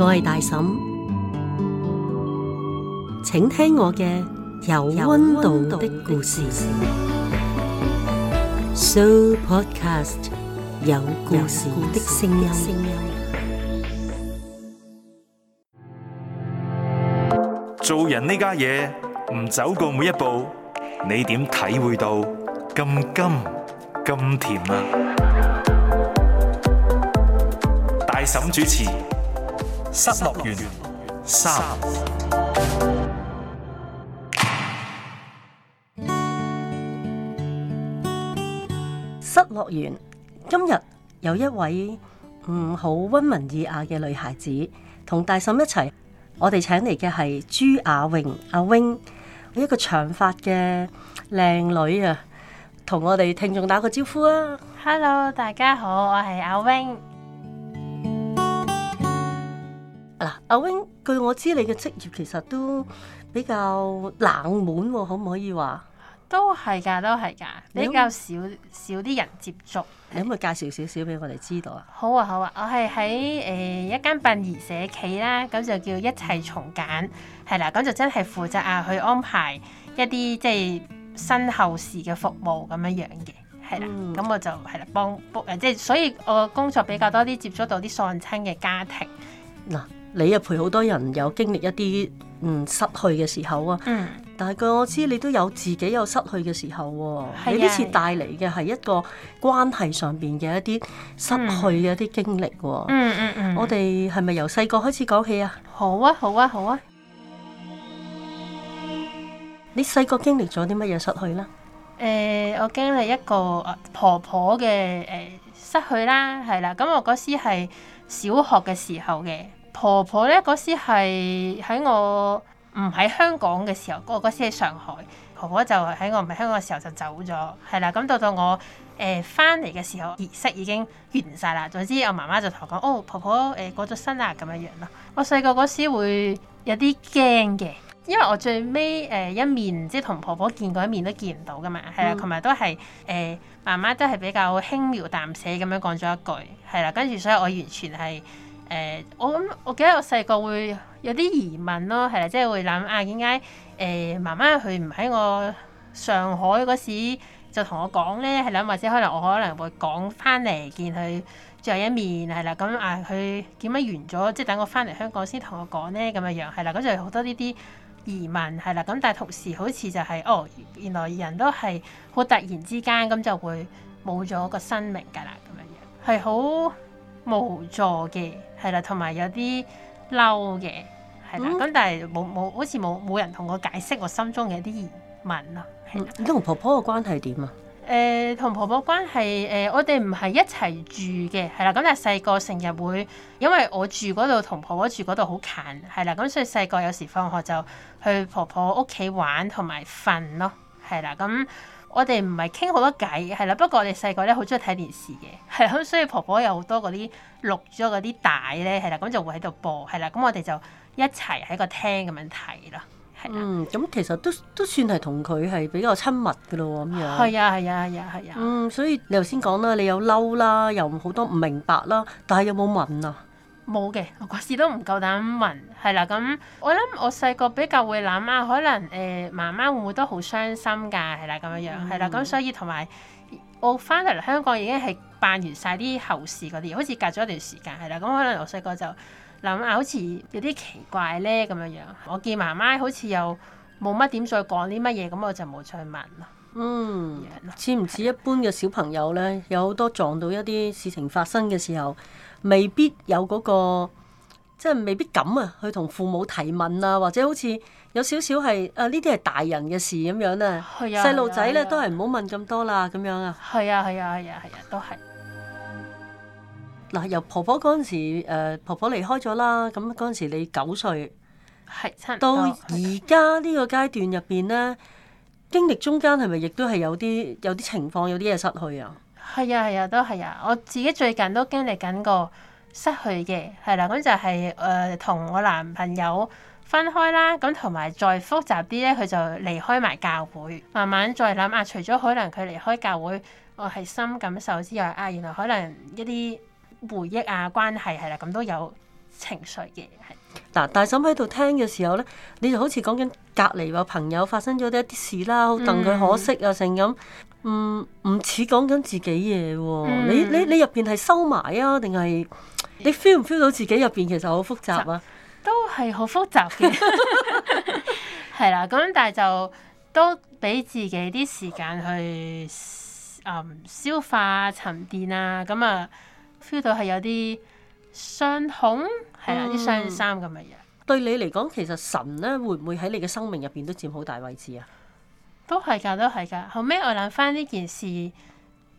我係大嬸，請聽我嘅有溫度的故事。So podcast 有故事的聲音。做人呢家嘢唔走過每一步，你點體會到咁甘咁甜啊？大嬸主持。失落園，失落園今日有一位唔好溫文爾雅嘅女孩子同大嬸一齊，我哋請嚟嘅係朱雅穎阿 Wing，一個長髮嘅靚女啊，同我哋聽眾打個招呼啊！Hello，大家好，我係阿 Wing。阿 wing，啊、據我知你嘅職業其實都比較冷門，可唔可以話？都係噶，都係噶，比較少少啲人接觸。的你可唔可以介紹少少俾我哋知道啊？好啊，好啊，我係喺誒一間殯儀社企啦，咁就叫一切從簡係啦，咁就真係負責啊去安排一啲即係身後事嘅服務咁樣樣嘅，係啦，咁、嗯、我就係啦，幫 b o 誒，即係、就是、所以我工作比較多啲接觸到啲喪親嘅家庭嗱。嗯你又陪好多人有經歷一啲嗯失去嘅時候啊，但係據我知你都有自己有失去嘅時候、啊。的你呢次帶嚟嘅係一個關係上邊嘅一啲失去嘅一啲經歷、啊。嗯嗯嗯，我哋係咪由細個開始講起啊？好啊，好啊，好啊。你細個經歷咗啲乜嘢失去咧？誒、呃，我經歷一個婆婆嘅誒、呃、失去啦，係啦。咁我嗰時係小學嘅時候嘅。婆婆呢嗰時係喺我唔喺香港嘅時候，我嗰時喺上海，婆婆就喺我唔喺香港嘅時候就走咗，係啦。咁到到我誒返嚟嘅時候，儀式已經完晒啦。總之我媽媽就同我講，哦，婆婆誒、呃、過咗身啦咁樣樣咯。我細個嗰時會有啲驚嘅，因為我最尾誒一面即係同婆婆見過一面都見唔到㗎嘛，係啦，同埋、嗯、都係誒媽媽都係比較輕描淡寫咁樣講咗一句，係啦，跟住所以我完全係。誒、呃，我諗，我記得我細個會有啲疑問咯，係啦，即係會諗啊，點解誒媽媽佢唔喺我上海嗰時就同我講咧？係啦，或者可能我可能會講翻嚟見佢最後一面係啦，咁啊佢點解完咗？即係等我翻嚟香港先同我講咧咁樣樣係啦，咁就好多呢啲疑問係啦。咁但係同時好似就係、是、哦，原來人都係好突然之間咁就會冇咗個生命㗎啦，咁樣樣係好。無助嘅係啦，同埋有啲嬲嘅係啦，咁、嗯、但係冇冇好似冇冇人同我解釋我心中嘅啲疑問咯。你同婆婆嘅關係點啊？誒、呃，同婆婆關係誒、呃，我哋唔係一齊住嘅，係啦，咁但係細個成日會，因為我住嗰度同婆婆住嗰度好近，係啦，咁所以細個有時放學就去婆婆屋企玩同埋瞓咯，係啦咁。嗯我哋唔係傾好多偈，係啦。不過我哋細個呢好中意睇電視嘅，係啊。所以婆婆有好多嗰啲錄咗嗰啲帶呢，係啦，咁就會喺度播，係啦。咁我哋就一齊喺個廳咁樣睇咯。嗯，咁其實都都算係同佢係比較親密嘅咯，咁樣。係啊，係啊，係啊，係啊。嗯，所以你頭先講啦，你有嬲啦，又好多唔明白啦，但係有冇問啊？冇嘅，我嗰次都唔夠膽問。係啦，咁我諗我細個比較會諗啊，可能誒媽媽會唔會都好傷心㗎？係啦，咁樣樣係啦，咁、嗯、所以同埋我翻嚟香港已經係辦完晒啲後事嗰啲，好似隔咗一段時間係啦，咁可能我細個就諗啊，好似有啲奇怪咧咁樣樣。我見媽媽好似又冇乜點再講啲乜嘢，咁我就冇再問咯。嗯，似唔似一般嘅小朋友咧？有好多撞到一啲事情發生嘅時候，未必有嗰個，即係未必咁啊，去同父母提問啊，或者好似有少少係啊，呢啲係大人嘅事咁樣啊，細路仔咧都係唔好問咁多啦，咁樣啊，係啊係啊係啊係啊，都係嗱，由婆婆嗰陣時誒，婆婆離開咗啦，咁嗰陣時你九歲係差唔到，到而家呢個階段入邊咧，經歷中間係咪亦都係有啲有啲情況，有啲嘢失去啊？係啊係啊都係啊！我自己最近都經歷緊個失去嘅係啦，咁就係誒同我男朋友分開啦，咁同埋再複雜啲咧，佢就離開埋教會。慢慢再諗啊，除咗可能佢離開教會，我係深感受之外，啊原來可能一啲回憶啊關係係啦，咁都有情緒嘅。係嗱，大嬸喺度聽嘅時候咧，你就好似講緊隔籬個朋友發生咗一啲事啦，好戥佢可惜啊，成咁。嗯，唔似講緊自己嘢，嗯，你你你入邊係收埋啊，定係你 feel 唔 feel 到自己入邊其實好複雜啊？都係好複雜嘅，係啦。 咁但係就都俾自己啲時間去，嗯，消化沉澱啊。咁啊，feel 到係有啲傷恐，係啦，啲傷心咁嘅嘢。傷傷對你嚟講，其實神咧會唔會喺你嘅生命入邊都佔好大位置啊？都係噶，都係噶。後尾我諗翻呢件事，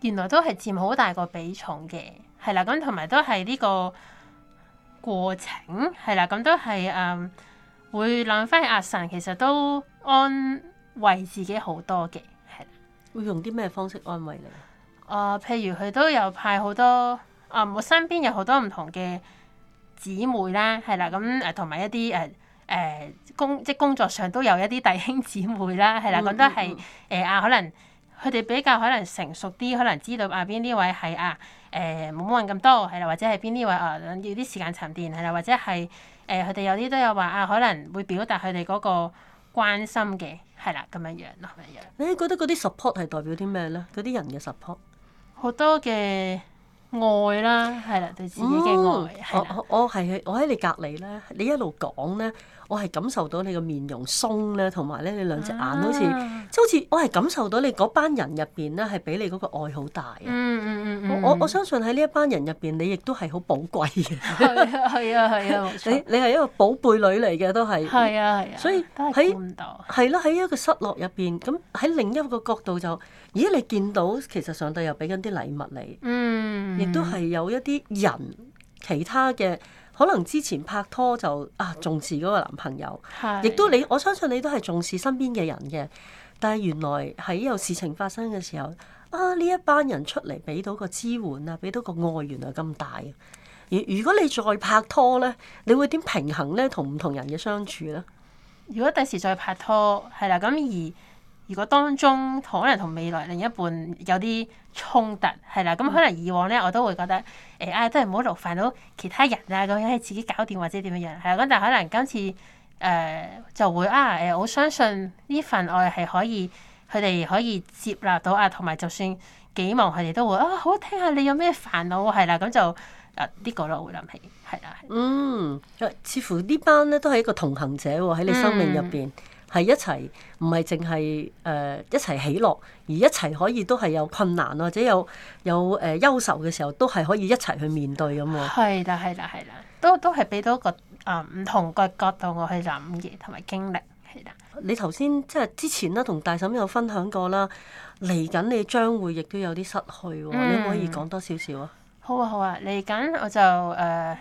原來都係佔好大個比重嘅。係啦，咁同埋都係呢個過程，係啦，咁都係誒、嗯、會諗翻阿神，其實都安慰自己好多嘅。係啦，會用啲咩方式安慰你？啊、呃，譬如佢都有派好多啊，我、呃、身邊有好多唔同嘅姊妹啦，係啦，咁誒同埋一啲誒。呃誒工即係工作上都有一啲弟兄姊妹啦，係啦，覺得係誒啊，可能佢哋比較可能成熟啲，可能知道下邊啲位係啊誒冇乜人咁多係啦，或者係邊啲位啊要啲時間沉澱係啦，或者係誒佢哋有啲都有話啊可能會表達佢哋嗰個關心嘅，係啦，咁樣樣咯，咁樣樣。樣你覺得嗰啲 support 係代表啲咩咧？嗰啲人嘅 support 好多嘅。愛啦，係啦，對自己嘅愛，哦、係啦我我係，我喺你隔籬啦。你一路講咧，我係感受到你個面容鬆咧，同埋咧，你兩隻眼好似即、啊、好似，我係感受到你嗰班人入邊咧，係俾你嗰個愛好大啊。嗯嗯嗯我我，我相信喺呢一班人入邊，你亦都係好寶貴嘅。係啊係啊係啊！啊啊你你係一個寶貝女嚟嘅，都係。係啊係啊。啊所以喺度係咯，喺、啊、一個失落入邊，咁喺另，另一個角度就。而你見到其實上帝又俾緊啲禮物你，亦、嗯、都係有一啲人其他嘅可能之前拍拖就啊重視嗰個男朋友，亦是都你我相信你都係重視身邊嘅人嘅。但係原來喺有事情發生嘅時候，啊呢一班人出嚟俾到個支援啊，俾到個愛原來咁大、啊。而如果你再拍拖咧，你會點平衡咧同唔同人嘅相處咧？如果第時再拍拖，係啦咁而。如果當中可能同未來另一半有啲衝突，係啦，咁可能以往咧我都會覺得，誒、哎、啊，都係唔好勞煩到其他人啦，咁樣係自己搞掂或者點樣樣，係啦。咁但可能今次誒、呃、就會啊，誒，我相信呢份愛係可以佢哋可以接納到啊，同埋就算幾忙，佢哋都會啊，好聽下、啊、你有咩煩惱，係啦，咁就啊呢、這個咯，我會諗起，係啦。嗯，似乎呢班咧都係一個同行者喎，喺你生命入邊。嗯係一齊，唔係淨係誒一齊喜樂，而一齊可以都係有困難或者有有誒憂愁嘅時候，都係可以一齊去面對咁喎。係啦，係啦，係啦，都都係俾到個誒唔同嘅角度我去諗嘅，同埋經歷係啦。你頭先即係之前咧，同大嬸有分享過啦，嚟緊你將會亦都有啲失去，你可唔可以講多少少啊？好啊，好啊，嚟緊我就誒、呃，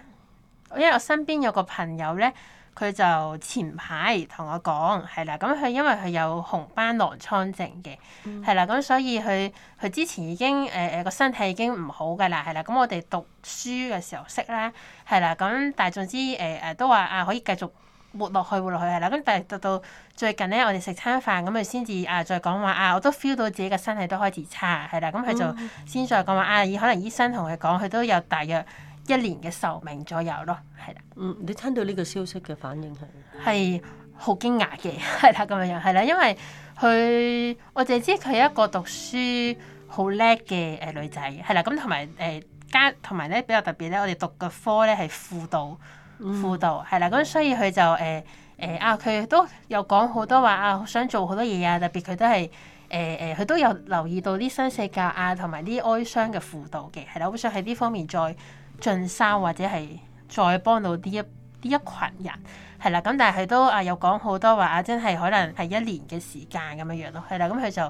因為我身邊有個朋友咧。佢就前排同我講，係啦，咁佢因為佢有紅斑狼瘡症嘅，係啦，咁所以佢佢之前已經誒誒個身體已經唔好㗎喇，係啦，咁我哋讀書嘅時候識啦，係啦，咁但係總之誒、呃、誒都話啊可以繼續活落去活落去係啦，咁但係到到最近咧，我哋食餐飯咁佢先至啊再講話啊，我都 feel 到自己嘅身體都開始差係啦，咁佢就先再講話啊，可能醫生同佢講佢都有大約一年嘅壽命左右咯，係啦。嗯，你聽到呢個消息嘅反應係係好驚訝嘅，係啦咁樣樣係啦，因為佢我淨係知佢係一個讀書好叻嘅誒女仔，係啦咁同埋誒家同埋咧比較特別咧，我哋讀嘅科咧係輔導輔導，係啦咁，所以佢就誒誒啊，佢、呃呃、都有講好多話啊，想做好多嘢啊，特別佢都係誒誒，佢、呃、都有留意到啲新世界啊同埋啲哀傷嘅輔導嘅，係啦，好想喺呢方面再。進修或者係再幫到呢一呢一群人係啦，咁但係佢都啊有講好多話啊，真係可能係一年嘅時間咁樣樣咯，係啦，咁佢就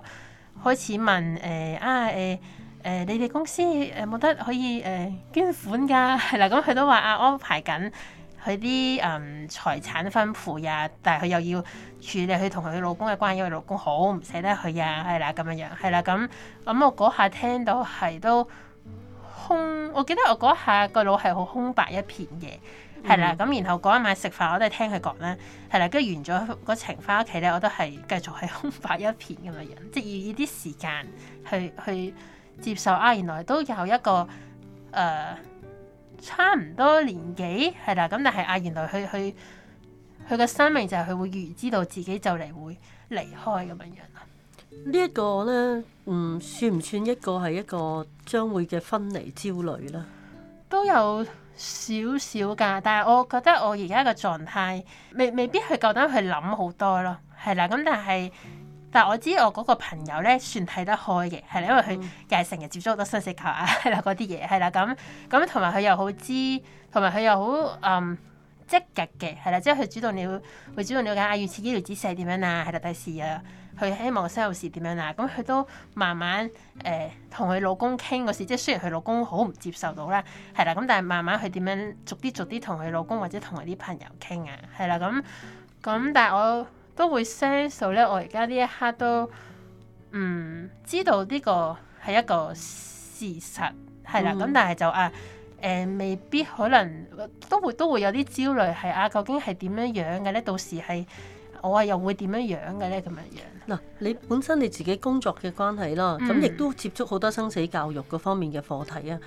開始問誒啊誒誒，你哋公司誒冇得可以誒、呃、捐款噶係啦，咁佢都話啊安排緊佢啲誒財產分配呀、啊，但係佢又要處理佢同佢老公嘅關係，因為老公好唔捨得佢呀、啊，係啦咁樣樣係啦，咁咁我嗰下聽到係都。空，我記得我嗰下個腦係好空白一片嘅，係啦。咁、嗯、然後嗰一晚食飯我都係聽佢講啦，係啦。跟住完咗嗰程翻屋企咧，我都係繼續係空白一片咁嘅樣，即係要啲時間去去接受啊。原來都有一個誒、呃、差唔多年紀，係啦。咁但係啊，原來佢佢佢個生命就係佢會預知到自己就嚟會離開咁嘅樣啊。呢一個咧，嗯，算唔算一個係一個將會嘅分離焦慮啦？都有少少噶，但係我覺得我而家嘅狀態未未必膽去夠膽去諗好多咯，係啦。咁但係，但係我知我嗰個朋友咧，算睇得開嘅，係啦，因為佢又係成日接觸好多生死球啊，係啦，嗰啲嘢，係啦，咁咁同埋佢又好知，同埋佢又好嗯積極嘅，係啦，即係佢主動了會主動了解啊，預設醫療指示點樣啊，係第第時啊。佢希望 sales 點樣啊？咁佢都慢慢誒同佢老公傾嗰事，即係雖然佢老公好唔接受到啦，係啦，咁但係慢慢佢點樣逐啲逐啲同佢老公或者同佢啲朋友傾啊，係啦，咁、嗯、咁，嗯嗯、但係我都會 sensible 咧。我而家呢一刻都唔、嗯、知道呢個係一個事實，係啦，咁但係就啊誒、呃，未必可能都會都會有啲焦慮，係啊，究竟係點樣樣嘅咧？到時係。我啊，又會點樣呢樣嘅咧？咁樣樣嗱，你本身你自己工作嘅關係啦，咁亦、嗯、都接觸好多生死教育嗰方面嘅課題啊，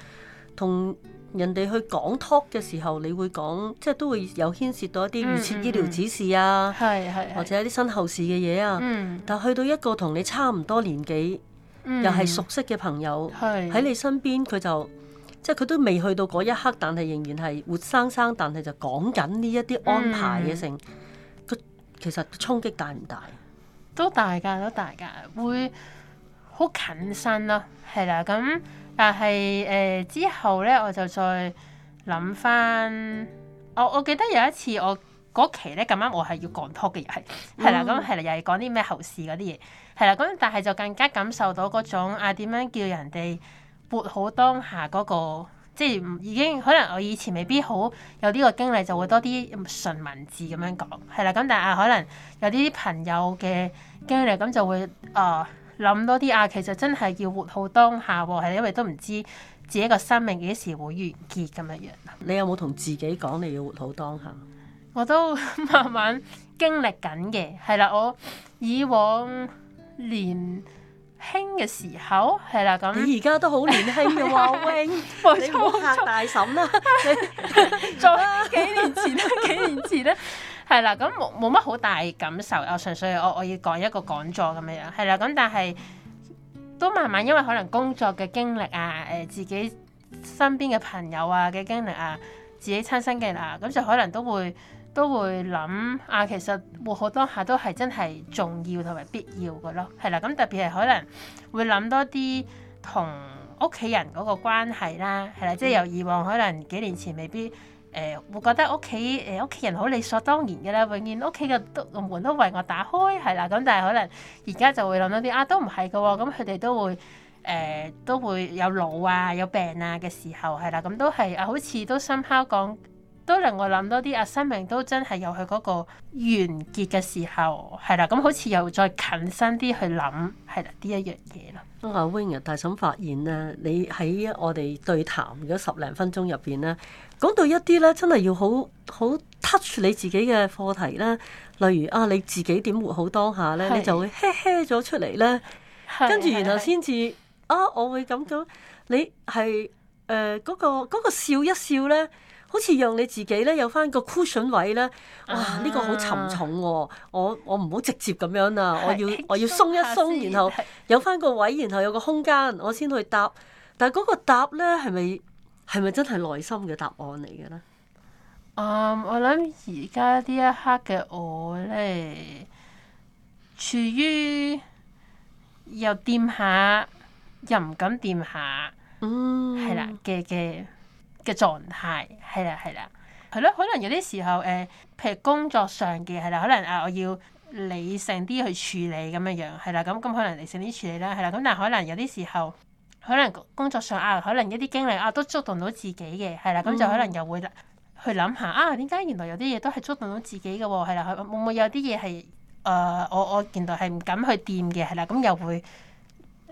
同人哋去講 talk 嘅時候，你會講，即係都會有牽涉到一啲預設醫療指示啊，係係、嗯，嗯、或者一啲身後事嘅嘢啊。嗯、但去到一個同你差唔多年紀，嗯、又係熟悉嘅朋友，喺、嗯、你身邊，佢就即係佢都未去到嗰一刻，但係仍然係活生生，但係就講緊呢一啲安排嘅性。嗯其實衝擊大唔大？都大？都大噶，都大噶，會好近身咯、啊。係啦，咁但係誒、呃、之後咧，我就再諗翻。我我記得有一次我嗰期咧咁啱，我係要講拖嘅人係係啦，咁係啦，又係講啲咩後事嗰啲嘢係啦。咁但係就更加感受到嗰種啊，點樣叫人哋撥好當下嗰、那個。即係已經可能我以前未必好有呢個經歷，就會多啲純文字咁樣講，係啦。咁但係、啊、可能有啲朋友嘅經歷，咁就會啊諗多啲啊，其實真係要活好當下，喎，係因為都唔知自己個生命幾時會完結咁樣。你有冇同自己講你要活好當下？我都 慢慢經歷緊嘅，係啦，我以往連。興嘅時候係啦，咁而家都好年輕嘅話 w 你唔怕大嬸啦？你 幾年前啦， 幾年前咧，係啦，咁冇冇乜好大感受啊？純粹我我要講一個講座咁樣樣，係啦，咁但係都慢慢因為可能工作嘅經歷啊，誒，自己身邊嘅朋友啊嘅經歷啊，自己親身嘅啦、啊，咁就可能都會。都會諗啊，其實活好當下都係真係重要同埋必要嘅咯，係啦。咁、嗯、特別係可能會諗多啲同屋企人嗰個關係啦，係啦。即係由以往可能幾年前未必誒、呃，會覺得屋企誒屋企人好理所當然嘅啦，永遠屋企嘅個門都為我打開，係啦。咁、嗯、但係可能而家就會諗多啲啊，都唔係嘅喎。咁佢哋都會誒、呃、都會有老啊、有病啊嘅時候，係啦。咁、嗯、都係啊，好似都深刻講。都令我諗多啲啊！生命都真係有佢嗰個完結嘅時候，係啦，咁好似又再近身啲去諗，係啦呢一樣嘢啦。阿 Wing 啊，Wing ard, 大嬸發現咧，你喺我哋對談咗十零分鐘入邊咧，講到一啲咧，真係要好好 touch 你自己嘅課題啦。例如啊，你自己點活好當下咧，的你就會嘿嘿咗出嚟，咧跟住的然後先至的啊，我會感覺你係誒嗰個、嗰個笑一笑咧。好似讓你自己咧有翻個 cushion 位咧，哇！呢、這個好沉重喎，哦，我我唔好直接咁樣啦，我要我要鬆一鬆，然後有翻個位，然後有個空間，我先去答。但係嗰個答咧係咪係咪真係內心嘅答案嚟嘅咧？嗯，um, 我諗而家呢一刻嘅我咧，處於又掂下，又唔敢掂下，嗯，係啦嘅嘅。刑刑嘅狀態係啦，係啦，係咯。可能有啲時候，誒、呃，譬如工作上嘅係啦，可能啊，我要理性啲去處理咁樣樣，係啦，咁咁可能理性啲處理啦，係啦。咁但係可能有啲時候，可能工作上啊，可能一啲經歷啊，都觸動到自己嘅，係啦，咁就可能又會去諗下啊，點解原來有啲嘢都係觸動到自己嘅喎，係啦，會唔會有啲嘢係誒，我我原來係唔敢去掂嘅，係啦，咁又會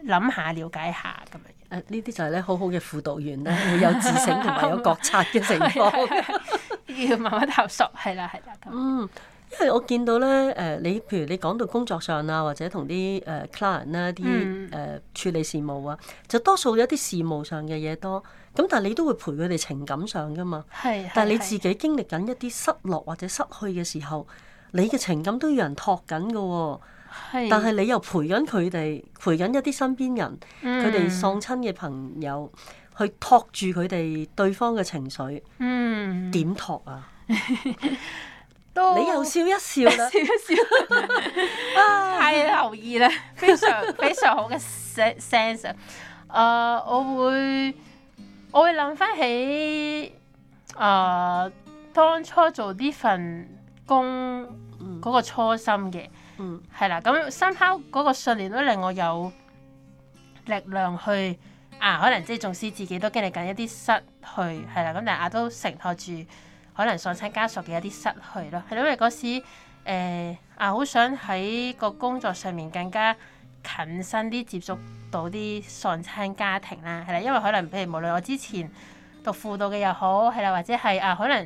諗下了解下咁樣。誒呢啲就係咧，好好嘅輔導員咧，會 有自省同埋有覺察嘅情況，要慢慢探索。係啦，係啦。嗯，因為我見到咧誒，你、呃、譬如你講到工作上啊，或者同啲誒 client 咧啲誒處理事務啊，就多數有一啲事務上嘅嘢多，咁但係你都會陪佢哋情感上㗎嘛。係。但係你自己經歷緊一啲失落或者失去嘅時候，你嘅情感都要有人托緊嘅喎。是但係你又陪緊佢哋，陪緊一啲身邊人，佢哋喪親嘅朋友，去托住佢哋對方嘅情緒，嗯，點托啊？ 都 你又笑一笑，笑一笑啊！ 太留意啦、 啊，非常 非常好嘅 sense，誒、呃，我會我會諗翻起誒、呃、當初做呢份工嗰個初心嘅。嗯，係啦，咁深刻嗰個信念都令我有力量去啊，可能即係縱使自己都經歷緊一啲失去，係啦，咁但係啊都承托住可能喪親家屬嘅一啲失去咯，係啦，因為嗰時誒、呃、啊好想喺個工作上面更加近身啲接觸到啲喪親家庭啦，係啦，因為可能譬如無論我之前讀輔導嘅又好，係啦，或者係啊可能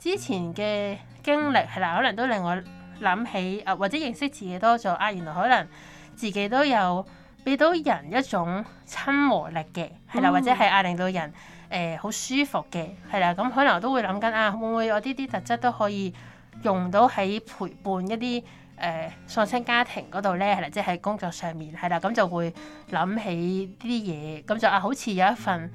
之前嘅經歷係啦，可能都令我。諗起啊，或者認識自己多咗啊，原來可能自己都有俾到人一種親和力嘅，係啦，嗯、或者係啊，令到人誒好、呃、舒服嘅，係啦，咁、嗯、可能我都會諗緊啊，會唔會我呢啲特質都可以用到喺陪伴一啲誒喪親家庭嗰度咧，係啦，即係喺工作上面係啦，咁、嗯、就會諗起呢啲嘢，咁、嗯、就啊，好似有一份。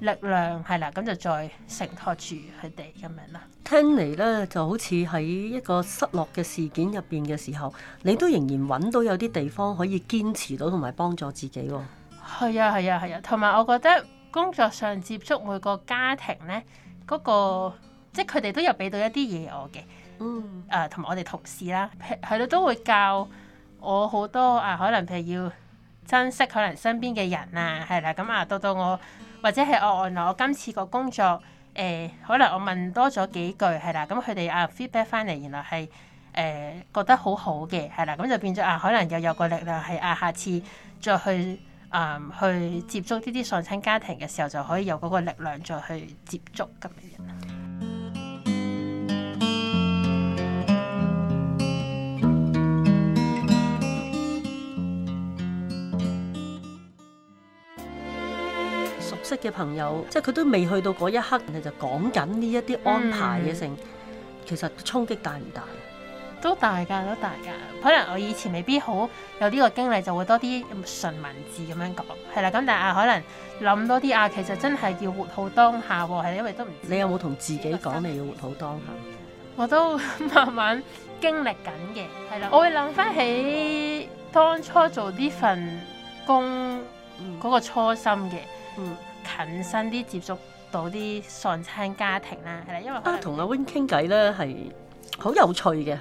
力量係啦，咁就再承托住佢哋咁樣啦。聽嚟咧，就好似喺一個失落嘅事件入邊嘅時候，你都仍然揾到有啲地方可以堅持到，同埋幫助自己喎、哦。係啊，係啊，係啊，同埋我覺得工作上接觸每個家庭咧，嗰、嗰個即係佢哋都有俾到一啲嘢我嘅，嗯，誒同埋我哋同事啦，係咯，都會教我好多啊。可能譬如要珍惜可能身邊嘅人啊，係啦，咁啊，到到我。或者係我原來我今次個工作，誒、呃、可能我問多咗幾句係啦，咁佢哋啊 feedback 翻嚟，原來係誒、呃、覺得好好嘅，係啦，咁就變咗啊，可能又有個力量係啊，下次再去啊、呃、去接觸呢啲喪親家庭嘅時候，就可以有嗰個力量再去接觸咁樣。嘅朋友，即係佢都未去到嗰一刻，你就講緊呢一啲安排嘅性，其實衝擊大唔大？都大？都大噶，都大噶。可能我以前未必好有呢個經歷，就會多啲純文字咁樣講，係啦。咁但係、啊、可能諗多啲啊，其實真係要活好當下，係因為都唔知。你有冇同自己講你要活好當下？嗯、我都慢慢經歷緊嘅，係啦。我會諗翻起當初做呢份工嗰個初心嘅，嗯。近身啲接觸到啲喪親家庭啦，係啦，因為啊，同阿 Wing 傾偈咧係好有趣嘅，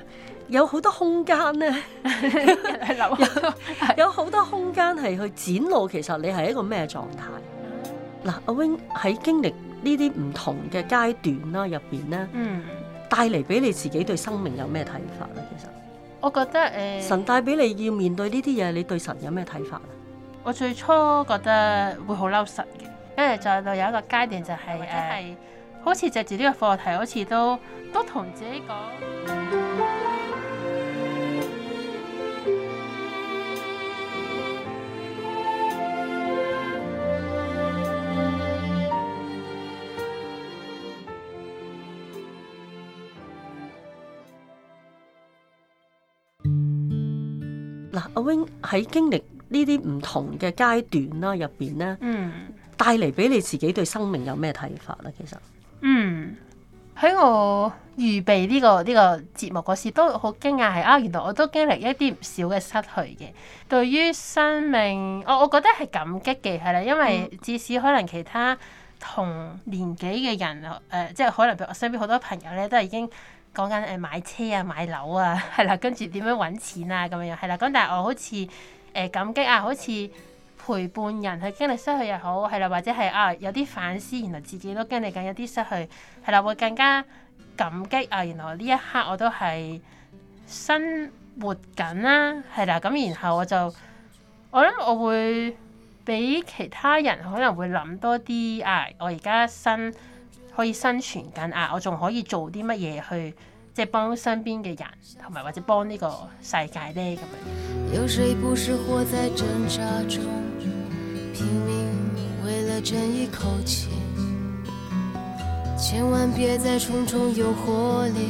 有好多空間咧， 有有好多空間係去展露其實你係一個咩狀態。嗱、啊，阿 Wing 喺經歷呢啲唔同嘅階段啦入邊咧，嗯，帶嚟俾你自己對生命有咩睇法咧？其實我覺得誒，呃、神帶俾你要面對呢啲嘢，你對神有咩睇法咧？我最初覺得會好嬲神嘅。跟住再到有一個階段，就係，就係誒，啊、好似借住呢個課題，好似都都同自己講嗱，阿 Wing 喺經歷呢啲唔同嘅階段啦，入邊咧。帶嚟俾你自己對生命有咩睇法咧？其實，嗯，喺我預備呢個呢個節目嗰時，都好驚訝係啊，原來我都經歷一啲唔少嘅失去嘅。對於生命，我我覺得係感激嘅係啦，因為至少可能其他同年紀嘅人誒、呃，即係可能我身邊好多朋友咧，都係已經講緊誒買車啊、買樓啊，係啦，跟住點樣揾錢啊，咁樣樣係啦。咁但係我好似誒、呃、感激啊，好似。陪伴人去經歷失去又好，係啦，或者係啊有啲反思，原來自己都經歷緊有啲失去，係啦，會更加感激啊！原來呢一刻我都係生活緊啦，係啦，咁然後我就我諗我會比其他人可能會諗多啲啊！我而家生可以生存緊啊，我仲可以做啲乜嘢去？即係幫身邊嘅人，同埋或者幫呢個世界呢。咁樣。有誰不是活在掙扎中，拼命為了爭一口氣。千萬別在重重誘惑裡，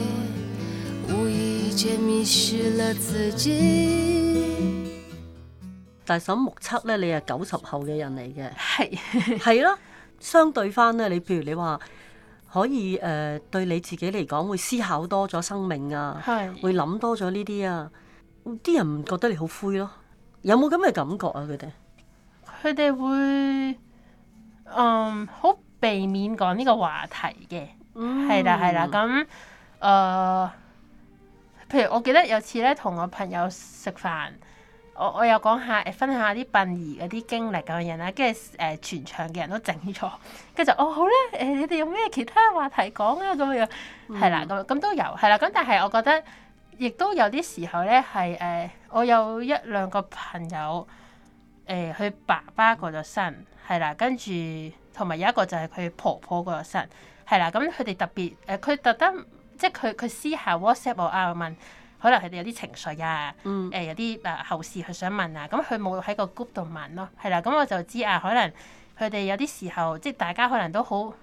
無意間迷失了自己。但係目測咧，你係九十後嘅人嚟嘅，係係咯。相對翻咧，你譬如你話。可以誒、呃、對你自己嚟講會思考多咗生命啊，是會諗多咗呢啲啊，啲人唔覺得你好灰咯？有冇咁嘅感覺啊？佢哋佢哋會嗯好避免講呢個話題嘅，係啦係啦，咁誒、呃，譬如我記得有次咧同我朋友食飯。我我又講下誒，分享下啲殯儀嗰啲經歷咁樣樣啦，跟住誒，全場嘅人都靜咗，跟住就哦好咧，誒你哋有咩其他話題講啊咁樣，mm，係、hmm。啦，咁咁都有，係啦，咁但係我覺得亦都有啲時候咧係誒，我有一兩個朋友誒，佢、呃、爸爸過咗身，係、mm hmm。啦，跟住同埋有一個就係佢婆婆過咗身，係啦，咁佢哋特別誒，佢、呃、特登即係佢佢私下 WhatsApp 我問。可能佢哋有啲情緒啊，誒、嗯呃、有啲誒後事佢想問啊，咁佢冇喺個 group 度問咯，係啦，咁我就知啊，可能佢哋有啲時候，即係大家可能都好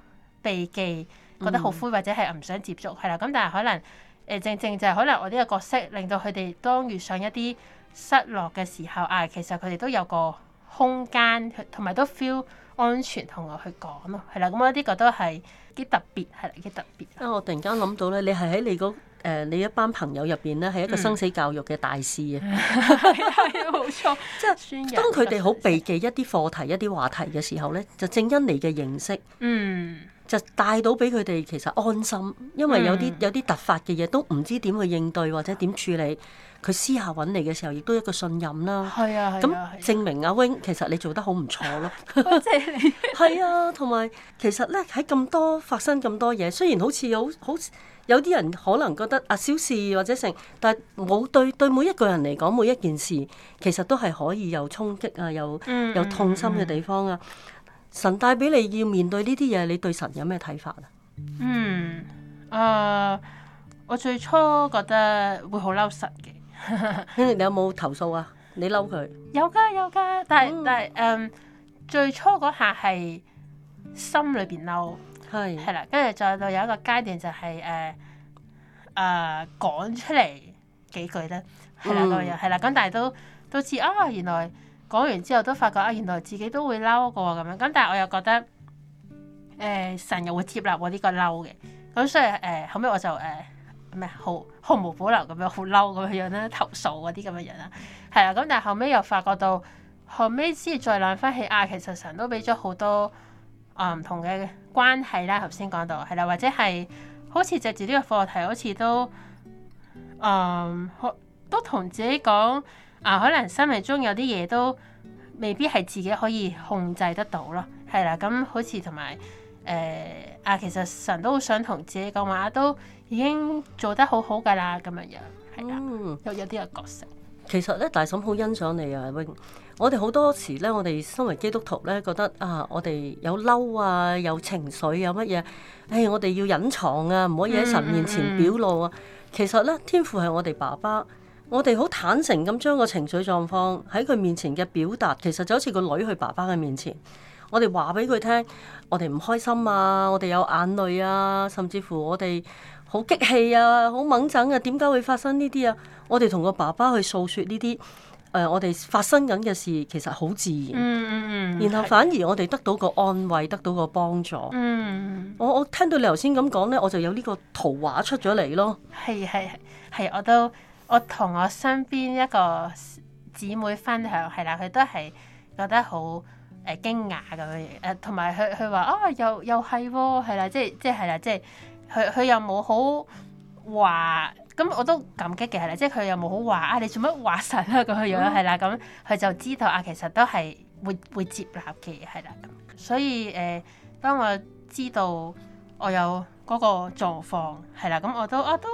避忌，覺得好灰或者係唔想接觸，係啦，咁但係可能誒正正就係可能我呢個角色令到佢哋當遇上一啲失落嘅時候啊，其實佢哋都有個空間，同埋都 feel 安全同我去講咯、啊，係啦，咁我呢個都係幾特別，係幾特別。啊！我突然間諗到咧，你係喺你個。誒，你一班朋友入邊咧，係一個生死教育嘅大師啊、嗯！係啊，冇錯。即係當佢哋好避忌一啲課題、一啲話題嘅時候咧，就正因你嘅認識，嗯，就帶到俾佢哋其實安心。因為有啲有啲突發嘅嘢都唔知點去應對或者點處理，佢私下揾你嘅時候，亦都一個信任啦。係啊，咁、啊啊啊、證明阿 Wing 其實你做得好唔錯咯。即係你。多謝你。係 啊，同埋其實咧喺咁多發生咁多嘢，雖然好似有好似。有啲人可能覺得啊小事或者成，但係冇對對每一個人嚟講每一件事，其實都係可以有衝擊啊，有、嗯、有痛心嘅地方啊。神帶俾你要面對呢啲嘢，你對神有咩睇法啊？嗯，誒、呃，我最初覺得會好嬲神嘅， 你有冇投訴啊？你嬲佢、嗯、有㗎有㗎，但係、嗯、但係誒，um, 最初嗰下係心裏邊嬲。係係啦，跟住再到有一個階段就係誒誒講出嚟幾句啦。係啦咁樣，係啦咁，但係都都知啊、哦，原來講完之後都發覺啊，原來自己都會嬲嘅咁樣，咁但係我又覺得誒神又會接納我呢個嬲嘅，咁所以誒、呃、後尾我就誒咩毫無保留咁樣好嬲咁樣樣咧投訴嗰啲咁嘅人啦，係啦，咁但係後尾又發覺到後尾先再諗翻起啊，其實神都俾咗好多啊唔同嘅。關係啦，頭先講到係啦，或者係好似借住呢個課題，好似都誒、呃，都同自己講啊，可能生命中有啲嘢都未必係自己可以控制得到咯，係啦，咁好似同埋誒啊，其實神都好想同自己講話，都已經做得好好㗎啦，咁樣樣係啊，有有啲嘅角色。其實咧，大嬸好欣賞你啊，永。我哋好多時咧，我哋身為基督徒咧，覺得啊，我哋有嬲啊，有情緒有乜嘢，誒、哎，我哋要隱藏啊，唔可以喺神面前表露啊。其實咧，天父係我哋爸爸，我哋好坦誠咁將個情緒狀況喺佢面前嘅表達，其實就好似個女去爸爸嘅面前，我哋話俾佢聽，我哋唔開心啊，我哋有眼淚啊，甚至乎我哋。好激氣啊！好掹憎啊！點解會發生呢啲啊？我哋同個爸爸去訴説呢啲誒，我哋發生緊嘅事其實好自然。嗯嗯嗯。然後反而我哋得到個安慰，得到個幫助。嗯。我我聽到你頭先咁講咧，我就有呢個圖畫出咗嚟咯。係係係，我都我同我身邊一個姊妹分享係啦，佢都係覺得好誒驚訝咁樣嘢。誒，同埋佢佢話啊，又又係喎，係啦，即係即係啦，即係。佢佢又冇好話，咁我都感激嘅係啦，即係佢又冇好話啊！你做乜話神啊？咁嘅樣係啦，咁佢就知道啊，其實都係會會接納嘅係啦。所以誒，當我知道我有嗰個狀況係啦，咁我都啊都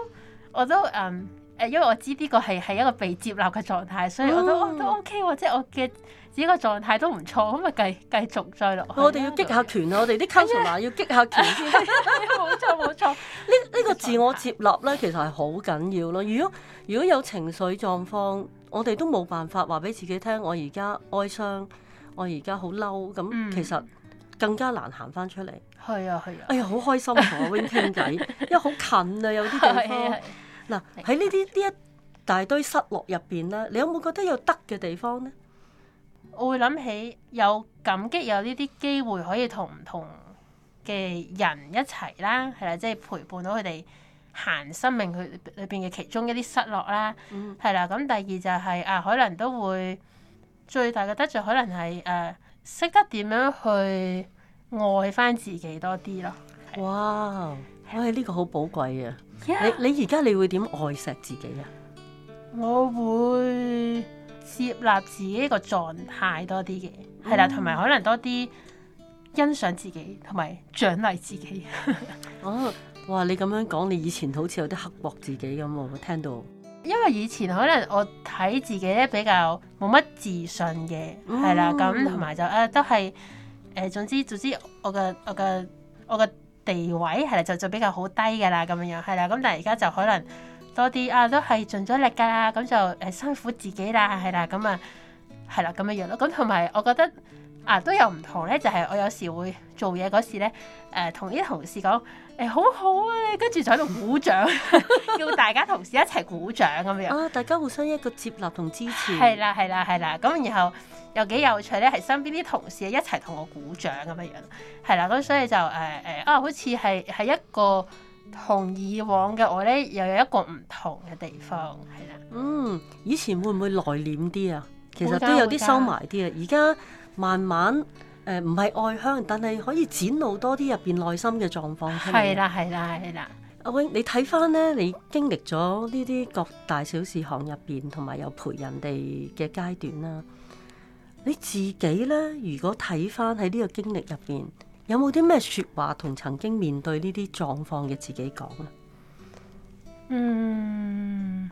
我都，我都嗯。誒，因為我知呢個係係一個被接納嘅狀態，所以我都都 OK 喎，即係我嘅自己個狀態都唔錯，咁咪繼繼續再落去。嗯、我哋要激下拳啊！我哋啲 control 要激下拳先。冇錯冇錯，呢呢 個自我接納咧，其實係好緊要咯。如果如果有情緒狀況，我哋都冇辦法話俾自己聽，我而家哀傷，我而家好嬲，咁其實更加難行翻出嚟。係啊係啊！啊哎呀，好開心同阿 wing 傾偈，因為好近啊，有啲地方。嗱，喺呢啲呢一大堆失落入邊咧，你有冇覺得有得嘅地方咧？我會諗起有感激有呢啲機會可以同唔同嘅人一齊啦，係啦，即係陪伴到佢哋行生命佢裏邊嘅其中一啲失落啦，係啦，嗯。咁第二就係啊，可能都會最大嘅得著可能係誒識得點樣去愛翻自己多啲咯。哇！我哋呢個好寶貴啊！Yeah, 你你而家你會點愛錫自己啊？我會接納自己個狀態多啲嘅，係啦，同埋、嗯、可能多啲欣賞自己，同埋獎勵自己。 哦，哇！你咁樣講，你以前好似有啲刻薄自己咁喎，聽到。因為以前可能我睇自己比較冇乜自信嘅，係、嗯、啦咁，同埋就誒、啊、都係誒、呃，總之總之我，我嘅我嘅我嘅。我地位係啦，就就比較好低㗎啦，咁樣樣係啦，咁但係而家就可能多啲啊，都係盡咗力㗎啦，咁就誒辛苦自己啦，係啦，咁啊，係啦，咁樣樣咯，咁同埋我覺得。啊，都有唔同咧，就係、是、我有時會做嘢嗰時咧，誒、呃，同啲同事講，誒、欸，好好啊，跟住就喺度鼓掌，呵呵呵 叫大家同事一齊鼓掌咁樣。哦、啊，大家互相一個接納同支持。係啦，係啦，係啦，咁然後又幾有趣咧，係身邊啲同事一齊同我鼓掌咁樣樣，係啦，咁所以就誒誒、呃，啊，好似係係一個同以往嘅我咧，又有一個唔同嘅地方，係啦。嗯，以前會唔會內斂啲啊？其實都有啲收埋啲啊，而家。慢慢誒，唔係外向，但係可以展露多啲入邊內心嘅狀況。係啦，係啦，係啦。阿永，你睇翻咧，你經歷咗呢啲各大小事項入邊，同埋有陪人哋嘅階段啦。你自己咧，如果睇翻喺呢個經歷入邊，有冇啲咩説話同曾經面對呢啲狀況嘅自己講啊？嗯，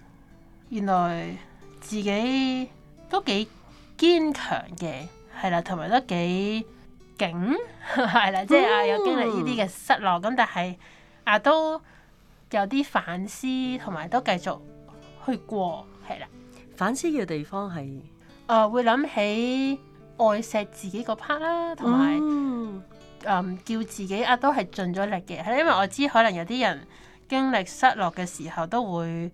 原來自己都幾堅強嘅。係啦，同埋都幾勁係啦，即係啊有經歷呢啲嘅失落，咁、oh. 但係啊都有啲反思，同埋都繼續去過係啦。反思嘅地方係啊，會諗起愛錫自己嗰 part 啦，同埋、oh. 嗯叫自己啊都係盡咗力嘅，係因為我知可能有啲人經歷失落嘅時候都會。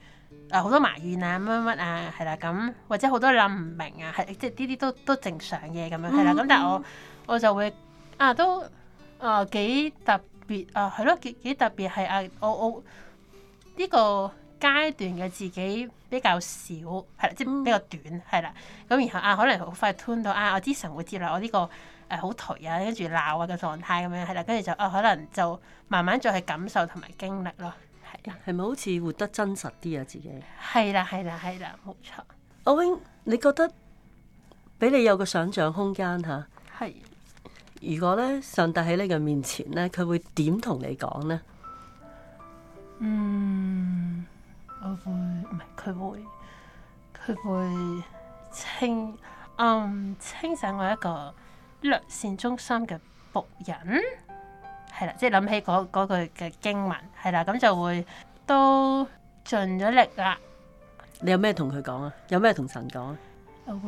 啊！好多埋怨啊，乜乜乜啊，係啦咁，或者好多諗唔明啊，係即係呢啲都都正常嘅，咁樣係啦。咁但係我我就會啊，都啊幾特別啊，係咯幾幾特別係啊，我我呢個階段嘅自己比較少，係啦即係比較短，係啦。咁然後啊，可能好快 turn 到啊，我之前會接納我呢個誒好頹啊，跟住鬧啊嘅狀態咁樣係啦，跟住就啊可能就慢慢再去感受同埋經歷咯。係咪好似活得真實啲啊？自己係啦，係啦，係啦，冇錯。阿 Wing，你覺得俾你有個想象空間吓？係。是如果咧，上帝喺你嘅面前咧，佢會點同你講呢？嗯，我會唔係？佢會佢會清嗯清醒我一個略善中心嘅僕人。係啦，即係諗起嗰句嘅經文，係啦，咁就會都盡咗力啦。你有咩同佢講啊？有咩同神講啊？我會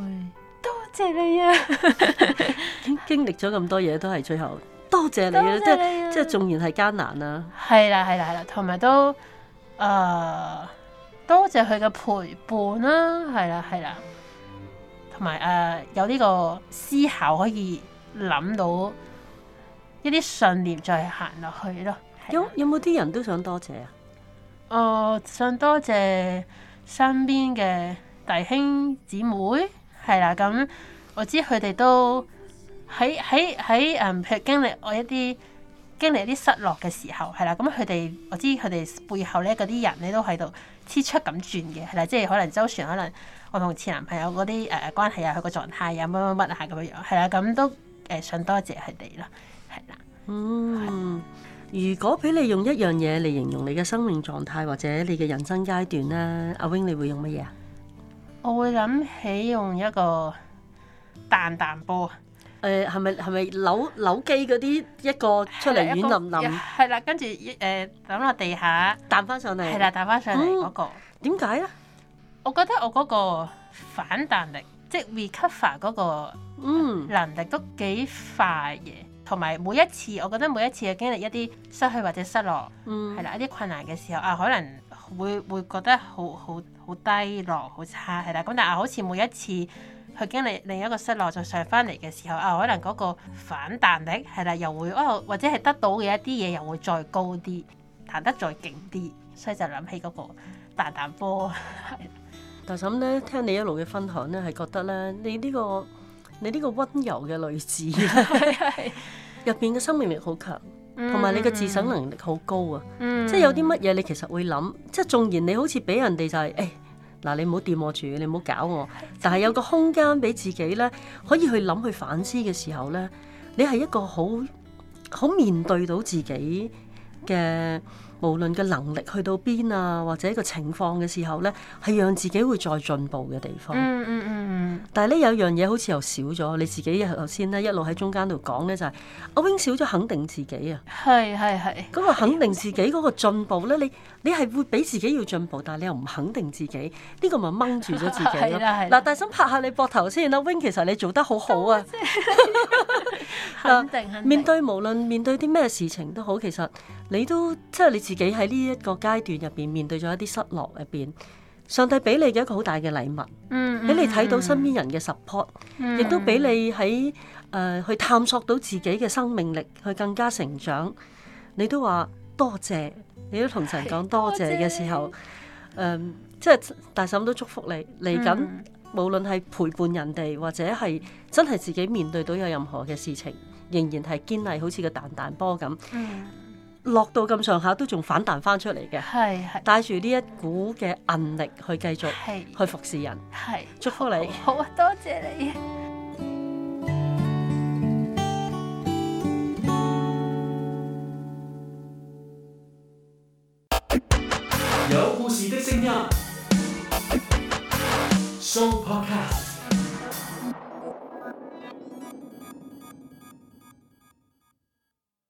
多謝你啊！ 經，經歷咗咁多嘢，都係最後多謝，多謝你啊！即係即係，縱然係艱難啦、啊，係啦係啦係啦，同埋都誒、呃、多謝佢嘅陪伴啦，係啦係啦，同埋誒有呢、呃、個思考可以諗到。一啲信念就係行落去咯。有有冇啲人都想多謝啊？我、呃、想多謝身邊嘅弟兄姊妹，係啦。咁、嗯、我知佢哋都喺喺喺誒譬如經歷我一啲經歷一啲失落嘅時候，係啦。咁佢哋我知佢哋背後咧嗰啲人咧都喺度黐出咁轉嘅，係啦。即係可能周旋，可能我同前男朋友嗰啲誒關係啊，佢個狀態啊，乜乜乜啊咁樣樣，係啦。咁都誒想多謝佢哋啦。係啦，嗯，如果俾你用一樣嘢嚟形容你嘅生命狀態或者你嘅人生階段咧，阿 Wing 你會用乜嘢啊？我會諗起用一個彈彈波，誒，係咪係咪扭扭機嗰啲，一個出嚟軟腍腍，係啦，跟住誒抌落地下彈翻上嚟，係啦，彈翻上嚟嗰個，點解咧？我覺得我嗰個反彈力，即係 recover 嗰個，嗯，能力都幾快嘅。同埋每一次，我覺得每一次嘅經歷一啲失去或者失落，嗯，係啦一啲困難嘅時候啊，可能會會覺得好好好低落、差啊、好差係啦。咁但係好似每一次去經歷另一個失落再上翻嚟嘅時候啊，可能嗰個反彈力係啦，又會哦，或者係得到嘅一啲嘢又會再高啲，彈得再勁啲，所以就諗起嗰個彈彈波。大嬸咧，聽你一路嘅分享咧，係覺得咧，你呢個你呢個溫柔嘅女子，入邊嘅生命力好強，同埋你嘅自省能力好高啊！嗯、即係有啲乜嘢你其實會諗，即係縱然你好似俾人哋就係、是、誒、嗱、哎、你唔好掂我住，你唔好搞我，但係有個空間俾自己咧，可以去諗去反思嘅時候咧，你係一個好好面對到自己嘅。無論嘅能力去到邊啊，或者一個情況嘅時候呢，係讓自己會再進步嘅地方。Um, um, um。但係呢，有樣嘢好似又少咗，你自己頭先呢，一路喺中間度講呢，就係阿 wing 少咗肯定自己啊。係係係。咁個肯定自己嗰個進步呢你，你你係會俾自己要進步，但係你又唔肯定自己，呢個咪掹住咗自己咯。嗱，大聲拍下你膊頭先阿、啊、wing 其實你做得好好啊。肯定肯定 面對無論面對啲咩事情都好，其實你都即係你自己喺呢一個階段入邊面，面對咗一啲失落入邊，上帝俾你嘅一個好大嘅禮物，嗯，嗯，俾你睇到身邊人嘅 support，亦、嗯、都俾你喺誒、呃、去探索到自己嘅生命力，去更加成長。你都話多謝，你都同神講多謝嘅時候，誒，多謝，即係、嗯就是、大嬸都祝福你嚟緊，嗯、無論係陪伴人哋或者係真係自己面對到有任何嘅事情，仍然係堅毅，好似個彈彈波咁。嗯落到咁上下都仲反彈翻出嚟嘅，帶住呢一股嘅韌力去繼續去服侍人。係，祝福你。好啊，多謝你。有故事的聲音 s